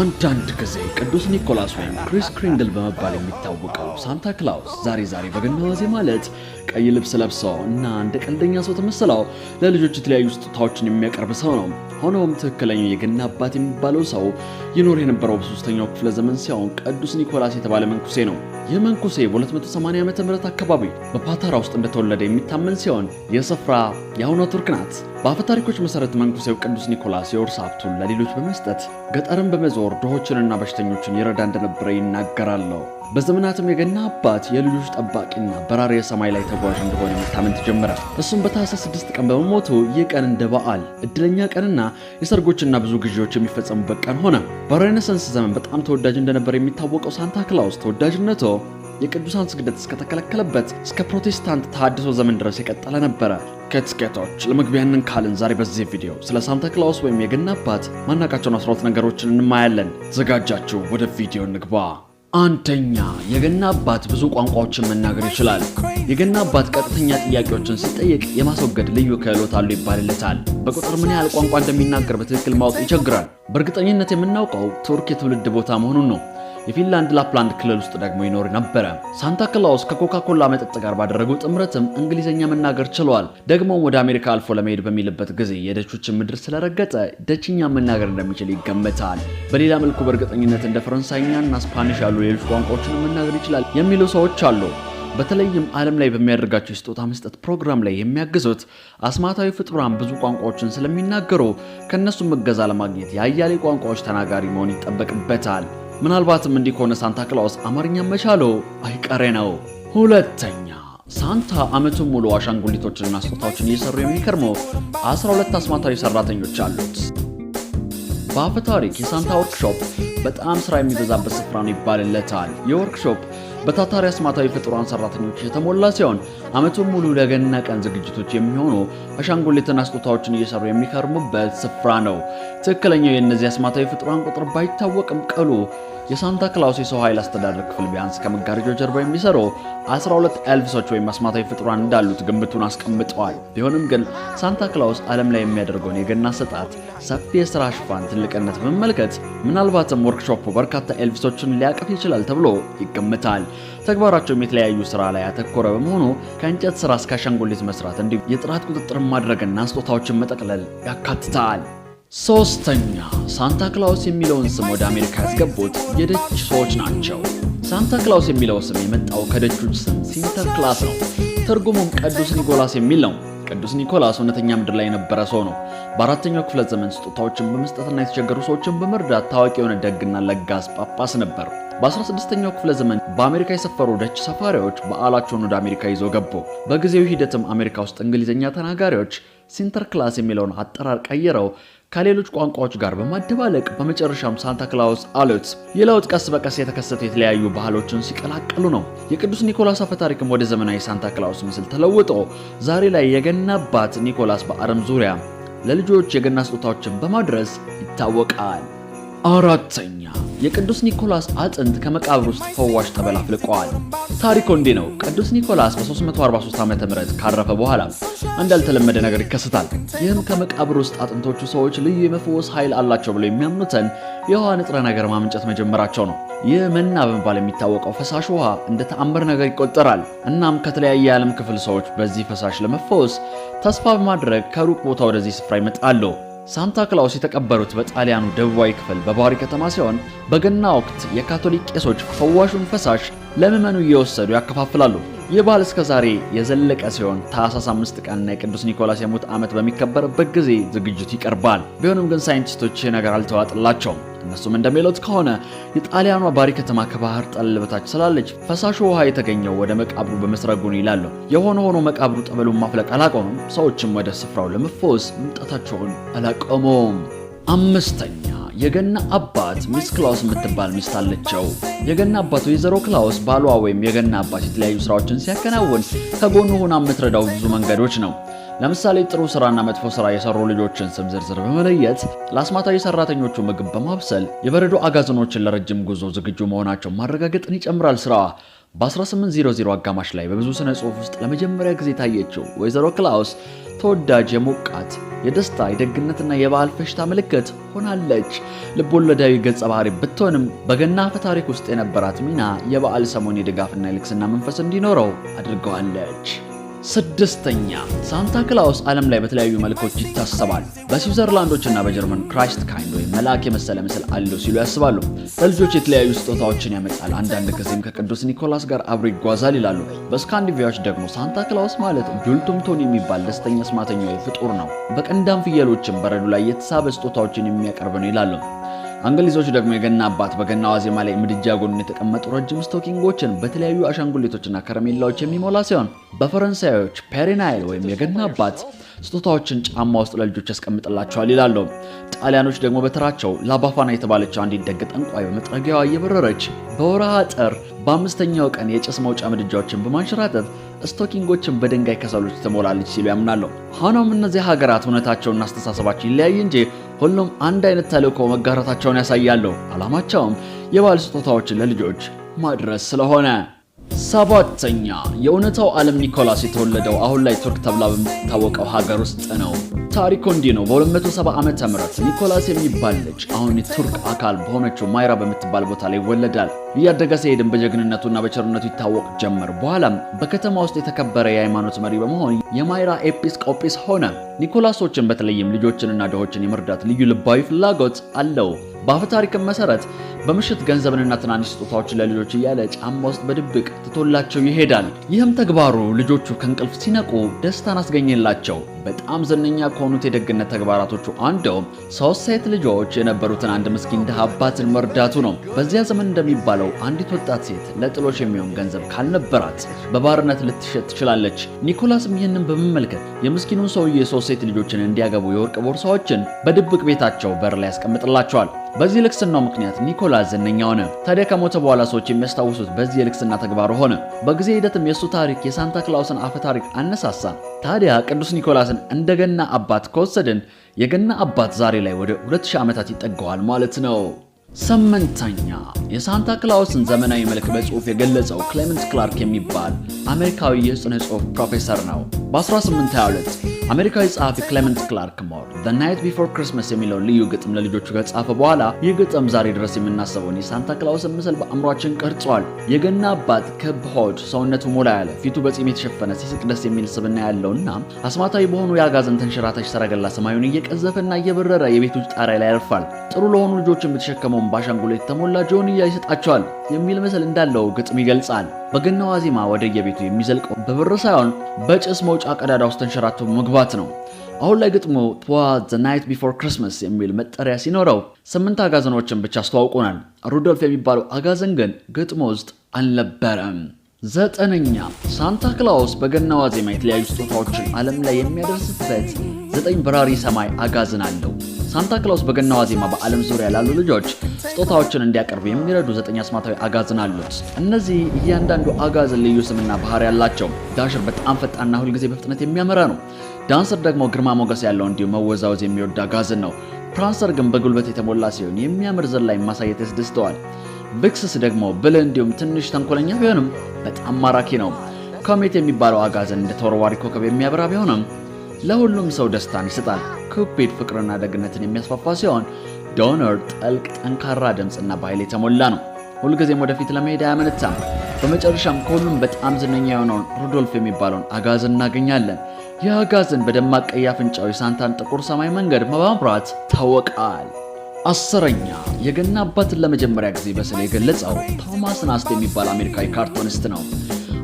አንዳንድ ጊዜ ቅዱስ ኒኮላስ ወይም ክሪስ ክሪንግል በመባል የሚታወቀው ሳንታ ክላውስ ዛሬ ዛሬ በገና ዋዜ ማለት ቀይ ልብስ ለብሰው እና እንደ ቀልደኛ ሰው ተመስለው ለልጆች የተለያዩ ስጦታዎችን የሚያቀርብ ሰው ነው። ሆኖም ትክክለኛው የገና አባት የሚባለው ሰው ይኖር የነበረው በሶስተኛው ክፍለ ዘመን ሲሆን ቅዱስ ኒኮላስ የተባለ መንኩሴ ነው። ይህ መንኩሴ በ280 ዓ ም አካባቢ በፓታራ ውስጥ እንደተወለደ የሚታመን ሲሆን የስፍራ የአሁኗ ቱርክ ናት። በአፈታሪኮች ታሪኮች መሠረት መንኩሴው ቅዱስ ኒኮላስ የውርስ ሀብቱን ለሌሎች በመስጠት ገጠርን በመዞ በመኖር ድሆችንና በሽተኞችን ይረዳ እንደነበረ ይናገራለሁ። በዘመናትም የገና አባት የልጆች ጠባቂና በራሪ የሰማይ ላይ ተጓዥ እንደሆነ መታመን ተጀመረ። እሱም በታህሳስ ስድስት ቀን በመሞቱ ይህ ቀን እንደ በዓል እድለኛ ቀንና የሰርጎችና ብዙ ግዢዎች የሚፈጸሙበት ቀን ሆነ። በሬኔሰንስ ዘመን በጣም ተወዳጅ እንደነበር የሚታወቀው ሳንታ ክላውስ ተወዳጅነቱ የቅዱሳን ስግደት እስከተከለከለበት እስከ ፕሮቴስታንት ተሐድሶ ዘመን ድረስ የቀጠለ ነበረ። ከትስኬቶች ለመግቢያንን ካልን ዛሬ በዚህ ቪዲዮ ስለ ሳንታ ክላውስ ወይም የገና አባት ማናቃቸውን 12 ነገሮችን እንማያለን። ተዘጋጃችሁ? ወደ ቪዲዮ እንግባ። አንደኛ የገና አባት ብዙ ቋንቋዎችን መናገር ይችላል። የገና አባት ቀጥተኛ ጥያቄዎችን ሲጠየቅ የማስወገድ ልዩ ክህሎት አሉ ይባልለታል። በቁጥር ምን ያህል ቋንቋ እንደሚናገር በትክክል ማወቅ ይቸግራል። በእርግጠኝነት የምናውቀው ቱርክ የትውልድ ቦታ መሆኑን ነው። የፊንላንድ ላፕላንድ ክልል ውስጥ ደግሞ ይኖር ነበረ። ሳንታ ክላውስ ከኮካ ኮላ መጠጥ ጋር ባደረጉ ጥምረትም እንግሊዝኛ መናገር ችሏል። ደግሞም ወደ አሜሪካ አልፎ ለመሄድ በሚልበት ጊዜ የደቾችን ምድር ስለረገጠ ደችኛ መናገር እንደሚችል ይገመታል። በሌላ መልኩ በእርግጠኝነት እንደ ፈረንሳይኛና ስፓኒሽ ያሉ ሌሎች ቋንቋዎችን መናገር ይችላል የሚሉ ሰዎች አሉ። በተለይም ዓለም ላይ በሚያደርጋቸው የስጦታ መስጠት ፕሮግራም ላይ የሚያግዙት አስማታዊ ፍጡራን ብዙ ቋንቋዎችን ስለሚናገሩ ከእነሱም እገዛ ለማግኘት የአያሌ ቋንቋዎች ተናጋሪ መሆን ይጠበቅበታል። ምናልባትም እንዲህ ከሆነ ሳንታ ክላውስ አማርኛ መቻሉ አይቀሬ ነው። ሁለተኛ ሳንታ አመቱን ሙሉ አሻንጉሊቶችንና ስጦታዎችን እየሰሩ የሚከርመው 12 አስማታዊ ሰራተኞች አሉት። በአፈ ታሪክ የሳንታ ወርክሾፕ በጣም ስራ የሚበዛበት ስፍራ ነው ይባልለታል። የወርክሾፕ በታታሪ አስማታዊ ፍጡራን ሰራተኞች የተሞላ ሲሆን ዓመቱን ሙሉ ለገና ቀን ዝግጅቶች የሚሆኑ አሻንጉሊትና ስጦታዎችን እየሰሩ የሚከርሙበት ስፍራ ነው። ትክክለኛው የእነዚህ አስማታዊ ፍጡራን ቁጥር ባይታወቅም ቀሉ የሳንታ ክላውስ የሰው ኃይል አስተዳደር ክፍል ቢያንስ ከመጋረጃው ጀርባ የሚሰሩ 12 ኤልቪሶች ወይም አስማታዊ ፍጥሯን እንዳሉት ግምቱን አስቀምጠዋል። ቢሆንም ግን ሳንታ ክላውስ ዓለም ላይ የሚያደርገውን የገና አሰጣጥ ሰፊ የሥራ ሽፋን ትልቅነት በመመልከት ምናልባትም ወርክሾፕ በርካታ ኤልቪሶችን ሊያቀፍ ይችላል ተብሎ ይገምታል። ተግባራቸውም የተለያዩ ሥራ ላይ ያተኮረ በመሆኑ ከእንጨት ሥራ እስከ አሻንጉሊት መስራት እንዲሁም የጥራት ቁጥጥርን ማድረግና ስጦታዎችን መጠቅለል ያካትታል። ሶስተኛ ሳንታ ክላውስ የሚለውን ስም ወደ አሜሪካ ያስገቡት የደች ሰዎች ናቸው። ሳንታ ክላውስ የሚለው ስም የመጣው ከደቾች ስም ሲንተር ክላስ ነው። ትርጉሙም ቅዱስ ኒኮላስ የሚል ነው። ቅዱስ ኒኮላስ እውነተኛ ምድር ላይ የነበረ ሰው ነው። በአራተኛው ክፍለ ዘመን ስጦታዎችን በመስጠትና የተቸገሩ ሰዎችን በመርዳት ታዋቂ የሆነ ደግና ለጋስ ጳጳስ ነበር። በ16ኛው ክፍለ ዘመን በአሜሪካ የሰፈሩ ደች ሰፋሪዎች በዓላቸውን ወደ አሜሪካ ይዘው ገቡ። በጊዜው ሂደትም አሜሪካ ውስጥ እንግሊዝኛ ተናጋሪዎች ሲንተር ክላስ የሚለውን አጠራር ቀይረው ከሌሎች ቋንቋዎች ጋር በማደባለቅ በመጨረሻም ሳንታ ክላውስ አሉት። ይህ ለውጥ ቀስ በቀስ የተከሰተ የተለያዩ ባህሎችን ሲቀላቀሉ ነው። የቅዱስ ኒኮላስ አፈታሪክም ወደ ዘመናዊ ሳንታ ክላውስ ምስል ተለውጦ ዛሬ ላይ የገና አባት ኒኮላስ በዓለም ዙሪያ ለልጆች የገና ስጦታዎችን በማድረስ ይታወቃል። አራተኛ የቅዱስ ኒኮላስ አጥንት ከመቃብር ውስጥ ፈዋሽ ጠበል አፍልቀዋል። ታሪኮ እንዲህ ነው። ቅዱስ ኒኮላስ በ343 ዓ ም ካረፈ በኋላ እንዳልተለመደ ነገር ይከሰታል። ይህም ከመቃብር ውስጥ አጥንቶቹ ሰዎች ልዩ የመፈወስ ኃይል አላቸው ብለው የሚያምኑትን የውሃ ንጥረ ነገር ማመንጨት መጀመራቸው ነው። ይህ መና በመባል የሚታወቀው ፈሳሽ ውሃ እንደ ተአምር ነገር ይቆጠራል። እናም ከተለያየ የዓለም ክፍል ሰዎች በዚህ ፈሳሽ ለመፈወስ ተስፋ በማድረግ ከሩቅ ቦታ ወደዚህ ስፍራ ይመጣሉ። ሳንታ ክላውስ የተቀበሩት በጣሊያኑ ደቡባዊ ክፍል በባሪ ከተማ ሲሆን በገና ወቅት የካቶሊክ ቄሶች ፈዋሹን ፈሳሽ ለምዕመኑ እየወሰዱ ያከፋፍላሉ። ይህ ባህል እስከ ዛሬ የዘለቀ ሲሆን ታኅሳስ 5 ቀንና የቅዱስ ኒኮላስ የሞት ዓመት በሚከበርበት ጊዜ ዝግጅቱ ይቀርባል። ቢሆንም ግን ሳይንቲስቶች ይህ ነገር አልተዋጥላቸውም። እነሱም እንደሚሉት ከሆነ የጣሊያኗ ባሪ ከተማ ከባህር ጠለል በታች ስላለች ፈሳሹ ውሃ የተገኘው ወደ መቃብሩ በመስረጉ ነው ይላሉ። የሆነ ሆኖ መቃብሩ ጠበሉን ማፍለቅ አላቆመም። ሰዎችም ወደ ስፍራው ለመፈወስ መምጣታቸውን አላቆመውም። አምስተኛ የገና አባት ሚስ ክላውስ የምትባል ሚስት አለቸው። የገና አባት ወይዘሮ ክላውስ ባሏ ወይም የገና አባት የተለያዩ ስራዎችን ሲያከናውን ከጎኑ ሆና የምትረዳው ብዙ መንገዶች ነው። ለምሳሌ ጥሩ ስራና መጥፎ ስራ የሰሩ ልጆችን ስም ዝርዝር በመለየት ለአስማታዊ ሰራተኞቹ ምግብ በማብሰል የበረዶ አጋዘኖችን ለረጅም ጉዞ ዝግጁ መሆናቸውን ማረጋገጥን ይጨምራል ስራዋ። በ1800 አጋማሽ ላይ በብዙ ስነ ጽሁፍ ውስጥ ለመጀመሪያ ጊዜ ታየችው ወይዘሮ ክላውስ ተወዳጅ የሞቃት የደስታ የደግነትና የባህል ፈሽታ ምልክት ሆናለች። ልቦለዳዊ ገጸ ባህሪ ብትሆንም በገና ፈታሪክ ታሪክ ውስጥ የነበራት ሚና የበዓል ሰሞን የድጋፍና የልግስና መንፈስ እንዲኖረው አድርገዋለች። ስድስተኛ ሳንታ ክላውስ ዓለም ላይ በተለያዩ መልኮች ይታሰባል። እና በጀርመን ክራይስት ካይንድ ወይም መልአክ የመሰለ ምስል አለው ሲሉ ያስባሉ። ለልጆች የተለያዩ ስጦታዎችን ያመጣል፣ አንዳንድ ጊዜም ከቅዱስ ኒኮላስ ጋር አብሮ ይጓዛል ይላሉ። በስካንዲቪያዎች ደግሞ ሳንታ ክላውስ ማለት ጁልቱምቶን የሚባል ደስተኛ ስማተኛዊ ፍጡር ነው። በቀንዳም ፍየሎችን በረዱ ላይ የተሳበ ስጦታዎችን የሚያቀርብ ነው ይላሉ። እንግሊዞች ደግሞ የገና አባት በገና ዋዜማ ላይ ምድጃ ጎን የተቀመጡ ረጅም ስቶኪንጎችን በተለያዩ አሻንጉሊቶችና ከረሜላዎች የሚሞላ ሲሆን በፈረንሳዮች ፔሪናይል ወይም የገና አባት ስጦታዎችን ጫማ ውስጥ ለልጆች ያስቀምጥላቸዋል ይላሉ። ጣሊያኖች ደግሞ በተራቸው ላባፋና የተባለች አንዲት ደግ ጠንቋይ በመጥረጊያዋ እየበረረች በወርሃ ጥር በአምስተኛው ቀን የጭስ መውጫ ምድጃዎችን በማንሸራተት ስቶኪንጎችን በድንጋይ ከሰሎች ትሞላለች ሲሉ ያምናሉ። ሆኖም እነዚህ ሀገራት እውነታቸውና አስተሳሰባቸው ይለያይ እንጂ ሁሉም አንድ አይነት ተልእኮ መጋራታቸውን ያሳያሉ። ዓላማቸውም የባህል ስጦታዎችን ለልጆች ማድረስ ስለሆነ ሰባተኛ የእውነታው ዓለም ኒኮላስ የተወለደው አሁን ላይ ቱርክ ተብላ በምትታወቀው ሀገር ውስጥ ነው። ታሪኩ እንዲህ ነው። በ270 ዓመተ ምህረት ኒኮላስ የሚባል ልጅ አሁን የቱርክ አካል በሆነችው ማይራ በምትባል ቦታ ላይ ይወለዳል። እያደገ ሲሄድም በጀግንነቱና በቸርነቱ ይታወቅ ጀመር። በኋላም በከተማ ውስጥ የተከበረ የሃይማኖት መሪ በመሆን የማይራ ኤጲስቆጶስ ሆነ። ኒኮላሶችን በተለይም ልጆችንና ድሆችን የመርዳት ልዩ ልባዊ ፍላጎት አለው። በአፈ ታሪክም መሰረት በምሽት ገንዘብንና ትናንሽ ስጦታዎችን ለልጆች እያለ ጫማ ውስጥ በድብቅ ትቶላቸው ይሄዳል። ይህም ተግባሩ ልጆቹ ከእንቅልፍ ሲነቁ ደስታን አስገኘላቸው። በጣም ዝነኛ ከሆኑት የደግነት ተግባራቶቹ አንደው ሶስት ሴት ልጆች የነበሩትን አንድ ምስኪን ድሃ አባትን መርዳቱ ነው። በዚያ ዘመን እንደሚባለው አንዲት ወጣት ሴት ለጥሎሽ የሚሆን ገንዘብ ካልነበራት በባርነት ልትሸጥ ትችላለች። ኒኮላስም ይህንን በመመልከት የምስኪኑን ሰውዬ ሶስት ሴት ልጆችን እንዲያገቡ የወርቅ ቦርሳዎችን በድብቅ ቤታቸው በር ላይ ያስቀምጥላቸዋል። በዚህ ልክስናው ምክንያት ኒኮላስ ዝነኛ ሆነ። ታዲያ ከሞተ በኋላ ሰዎች የሚያስታውሱት በዚህ የልክስና ተግባሩ ሆነ። በጊዜ ሂደትም የእሱ ታሪክ የሳንታ ክላውስን አፈ ታሪክ አነሳሳ። ታዲያ ቅዱስ ኒኮላስ አባትን እንደ ገና አባት ከወሰድን የገና አባት ዛሬ ላይ ወደ 2000 ዓመታት ይጠጋዋል ማለት ነው። ስምንተኛ የሳንታ ክላውስን ዘመናዊ መልክ በጽሑፍ የገለጸው ክሌመንት ክላርክ የሚባል አሜሪካዊ የሥነ ጽሑፍ ፕሮፌሰር ነው። በ1822 አሜሪካዊ ጸሐፊ ክሌመንት ክላርክ ሞር ዘ ናይት ቢፎር ክርስመስ የሚለውን ልዩ ግጥም ለልጆቹ ከጻፈ በኋላ ይህ ግጥም ዛሬ ድረስ የምናስበውን የሳንታ ክላውስን ምስል በአእምሯችን ቀርጿል። የገና አባት ክብ ሆድ፣ ሰውነቱ ሞላ ያለ፣ ፊቱ በጺም የተሸፈነ ሲስቅ ደስ የሚል ያለው ያለውና አስማታዊ በሆኑ የአጋዘን ተንሸራታች ሰረገላ ሰማዩን እየቀዘፈና እየበረረ የቤቶች ጣሪያ ላይ ያርፋል። ጥሩ ለሆኑ ልጆች የምትሸከመው ጆሮውን በአሻንጉሊት የተሞላ ጆንያ ይሰጣቸዋል የሚል ምስል እንዳለው ግጥም ይገልጻል። በገና ዋዜማ ወደ የቤቱ የሚዘልቀው በብር ሳይሆን በጭስ መውጫ ቀዳዳ ውስጥ ተንሸራቶ መግባት ነው። አሁን ላይ ግጥሙ ትዋት ዘ ናይት ቢፎር ክርስማስ የሚል መጠሪያ ሲኖረው ስምንት አጋዘኖችን ብቻ አስተዋውቆናል። ሩዶልፍ የሚባለው አጋዘን ግን ግጥሙ ውስጥ አልነበረም። ዘጠነኛ ሳንታ ክላውስ በገና ዋዜማ የተለያዩ ስጦታዎችን ዓለም ላይ የሚያደርስበት ዘጠኝ በራሪ ሰማይ አጋዘን አለው። ሳንታ ክላውስ በገና ዋዜማ በዓለም ዙሪያ ላሉ ልጆች ስጦታዎችን እንዲያቀርቡ የሚረዱ ዘጠኝ አስማታዊ አጋዘን አሉት። እነዚህ እያንዳንዱ አጋዘን ልዩ ስምና ባህሪ ያላቸው፣ ዳሽር በጣም ፈጣንና ሁልጊዜ በፍጥነት የሚያመራ ነው። ዳንሰር ደግሞ ግርማ ሞገስ ያለው እንዲሁ መወዛወዝ የሚወድ አጋዘን ነው። ፕራንሰር ግን በጉልበት የተሞላ ሲሆን የሚያምር ዘላይ ማሳየት ያስደስተዋል። ብክስስ ደግሞ ብልህ እንዲሁም ትንሽ ተንኮለኛ ቢሆንም በጣም ማራኪ ነው። ኮሜት የሚባለው አጋዘን እንደ ተወርዋሪ ኮከብ የሚያበራ ቢሆንም ለሁሉም ሰው ደስታን ይሰጣል። ኩፒድ ፍቅርና ደግነትን የሚያስፋፋ ሲሆን፣ ዶነር ጥልቅ፣ ጠንካራ ድምፅና በኃይል የተሞላ ነው። ሁልጊዜም ወደፊት ለመሄድ አያመነታም። በመጨረሻም ከሁሉም በጣም ዝነኛ የሆነውን ሩዶልፍ የሚባለውን አጋዘን እናገኛለን። ይህ አጋዘን በደማቅ ቀይ አፍንጫው የሳንታን ጥቁር ሰማይ መንገድ በማብራት ታወቃል። አስረኛ የገና አባትን ለመጀመሪያ ጊዜ በስዕል የገለጸው ቶማስ ናስት የሚባል አሜሪካዊ ካርቶኒስት ነው።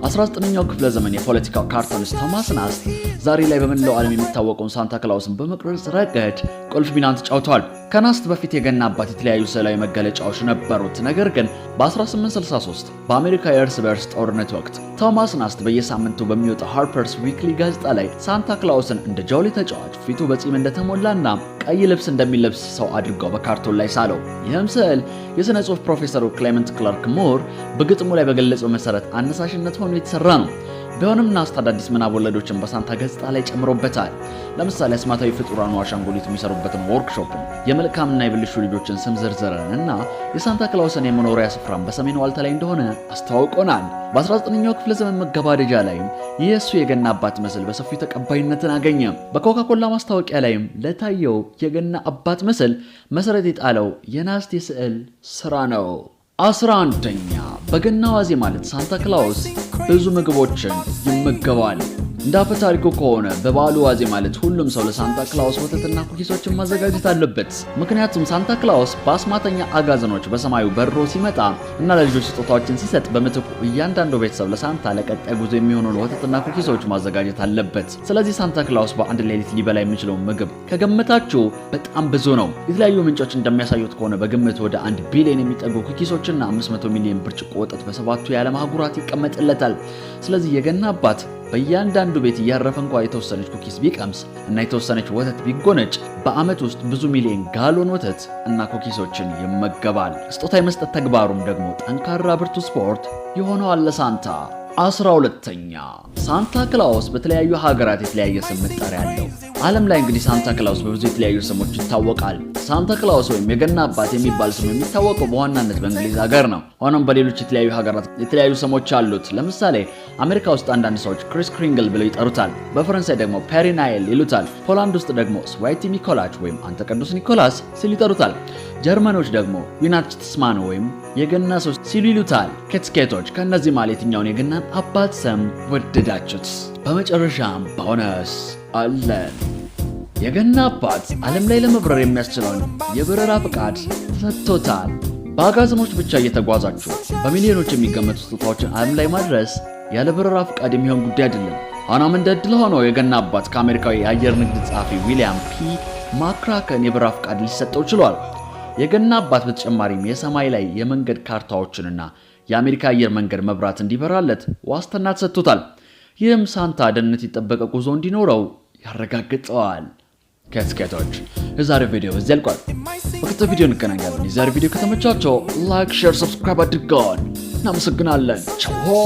19ኛው ክፍለ ዘመን የፖለቲካው ካርቶኒስት ቶማስ ናስት ዛሬ ላይ በመላው ዓለም የሚታወቀውን ሳንታ ክላውስን በመቅረጽ ረገድ ቁልፍ ሚናን ተጫውተዋል። ከናስት በፊት የገና አባት የተለያዩ ስዕላዊ መገለጫዎች ነበሩት። ነገር ግን በ1863 በአሜሪካ የእርስ በእርስ ጦርነት ወቅት ቶማስ ናስት በየሳምንቱ በሚወጣው ሃርፐርስ ዊክሊ ጋዜጣ ላይ ሳንታ ክላውስን እንደ ጆሊ ተጫዋች ፊቱ በጺም እንደተሞላና ቀይ ልብስ እንደሚለብስ ሰው አድርገው በካርቶን ላይ ሳለው። ይህም ስዕል የሥነ ጽሑፍ ፕሮፌሰሩ ክሌመንት ክላርክ ሞር በግጥሙ ላይ በገለጸው መሠረት አነሳሽነት ሆኖ የተሠራ ነው። ቢሆንም ናስት አዳዲስ ምናብ ወለዶችን በሳንታ ገጽታ ላይ ጨምሮበታል። ለምሳሌ አስማታዊ ፍጡራኑ አሻንጉሊት የሚሰሩበትን ወርክሾፕን፣ የመልካምና የብልሹ ልጆችን ስም ዝርዝርን እና የሳንታ ክላውስን የመኖሪያ ስፍራን በሰሜን ዋልታ ላይ እንደሆነ አስተዋውቆናል። በ19ኛው ክፍለ ዘመን መገባደጃ ላይም የእሱ የገና አባት ምስል በሰፊው ተቀባይነትን አገኘ። በኮካኮላ ማስታወቂያ ላይም ለታየው የገና አባት ምስል መሰረት የጣለው የናስት የስዕል ስራ ነው። አስራ አንደኛ በገና ዋዜ ማለት ሳንታ ክላውስ ብዙ ምግቦችን ይመገባል። እንዳፈ ታሪኩ ከሆነ በበዓሉ ዋዜ ማለት ሁሉም ሰው ለሳንታ ክላውስ ወተትና ኩኪሶችን ማዘጋጀት አለበት። ምክንያቱም ሳንታ ክላውስ በአስማተኛ አጋዘኖች በሰማዩ በሮ ሲመጣ እና ለልጆች ስጦታዎችን ሲሰጥ በምትኩ እያንዳንዱ ቤተሰብ ለሳንታ ለቀጣይ ጉዞ የሚሆኑ ወተትና ኩኪሶች ማዘጋጀት አለበት። ስለዚህ ሳንታ ክላውስ በአንድ ሌሊት ሊበላ የሚችለው ምግብ ከገመታችሁ በጣም ብዙ ነው። የተለያዩ ምንጮች እንደሚያሳዩት ከሆነ በግምት ወደ አንድ ቢሊዮን የሚጠጉ ኩኪሶችና 500 ሚሊዮን ብርጭቆ ወተት በሰባቱ የዓለም አህጉራት ይቀመጥለታል። ስለዚህ የገና አባት በእያንዳንዱ ቤት እያረፈ እንኳ የተወሰነች ኩኪስ ቢቀምስ እና የተወሰነች ወተት ቢጎነጭ በዓመት ውስጥ ብዙ ሚሊዮን ጋሎን ወተት እና ኩኪሶችን ይመገባል። ስጦታ የመስጠት ተግባሩም ደግሞ ጠንካራ ብርቱ ስፖርት የሆነዋል ለሳንታ። አስራ ሁለተኛ ሳንታ ክላውስ በተለያዩ ሀገራት የተለያየ ስም መጠሪያ አለው። ዓለም ላይ እንግዲህ ሳንታ ክላውስ በብዙ የተለያዩ ስሞች ይታወቃል። ሳንታ ክላውስ ወይም የገና አባት የሚባል ስም የሚታወቀው በዋናነት በእንግሊዝ ሀገር ነው። ሆኖም በሌሎች የተለያዩ ሀገራት የተለያዩ ስሞች አሉት። ለምሳሌ አሜሪካ ውስጥ አንዳንድ ሰዎች ክሪስ ክሪንግል ብለው ይጠሩታል። በፈረንሳይ ደግሞ ፔሪናይል ይሉታል። ፖላንድ ውስጥ ደግሞ ስዋይቲ ኒኮላች ወይም አንተ ቅዱስ ኒኮላስ ሲሉ ይጠሩታል። ጀርመኖች ደግሞ ዊናችትስማን ወይም የገና ሰው ሲሉ ይሉታል። ኬትስኬቶች ከእነዚህ ማለት የትኛውን የገናን አባት ስም ወደዳችሁት? በመጨረሻም ቦነስ አለን። የገና አባት ዓለም ላይ ለመብረር የሚያስችለውን የበረራ ፍቃድ ሰጥቶታል። በአጋዘኖች ብቻ እየተጓዛችሁ በሚሊዮኖች የሚገመቱ ስጦታዎችን ዓለም ላይ ማድረስ ያለ በረራ ፍቃድ የሚሆን ጉዳይ አይደለም። ሆኖም እንደ ዕድል ሆኖ የገና አባት ከአሜሪካዊ የአየር ንግድ ጸሐፊ ዊሊያም ፒ ማክራከን የበረራ ፍቃድ ሊሰጠው ችሏል። የገና አባት በተጨማሪም የሰማይ ላይ የመንገድ ካርታዎችንና የአሜሪካ አየር መንገድ መብራት እንዲበራለት ዋስትና ተሰጥቶታል። ይህም ሳንታ ደህንነት የጠበቀ ጉዞ እንዲኖረው ያረጋግጠዋል። ከስኬቶች የዛሬ ቪዲዮ እዚህ ልቋል በቀጣይ ቪዲዮ እንገናኛለን። የዛሬ ቪዲዮ ከተመቻቸው ላይክ፣ ሼር፣ ሰብስክራይብ አድርገውን እናመሰግናለን። ቸሆ